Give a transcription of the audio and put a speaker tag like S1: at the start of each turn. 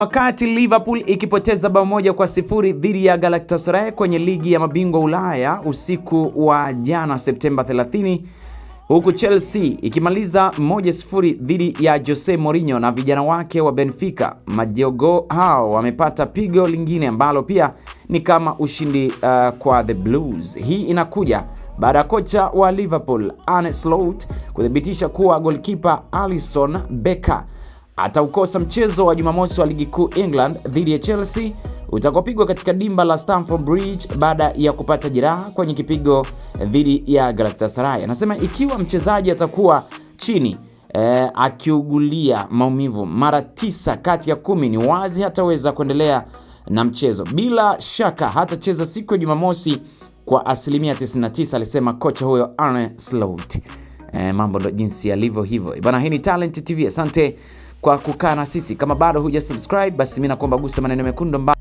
S1: Wakati Liverpool ikipoteza bao moja kwa sifuri dhidi ya Galatasaray kwenye ligi ya mabingwa Ulaya usiku wa jana Septemba 30, huku Chelsea ikimaliza moja sifuri dhidi ya Jose Mourinho na vijana wake wa Benfica, majogo hao wamepata pigo lingine ambalo pia ni kama ushindi uh, kwa the Blues. Hii inakuja baada ya kocha wa Liverpool Arne Slot kuthibitisha kuwa golkipa Alisson Becker ataukosa mchezo wa Jumamosi wa ligi kuu England dhidi ya Chelsea utakopigwa katika dimba la Stamford Bridge baada ya kupata jeraha kwenye kipigo dhidi ya Galatasaray. Anasema ikiwa mchezaji atakuwa chini eh, akiugulia maumivu mara tisa kati ya kumi, ni wazi hataweza kuendelea na mchezo. Bila shaka hatacheza siku ya Jumamosi kwa asilimia 99, alisema kocha huyo Arne Slot. Eh, mambo ndo jinsi yalivyo hivyo bana. Hii ni Talent TV, asante kwa kukaa na sisi. Kama bado huja subscribe, basi mimi nakuomba gusa maneno mekundu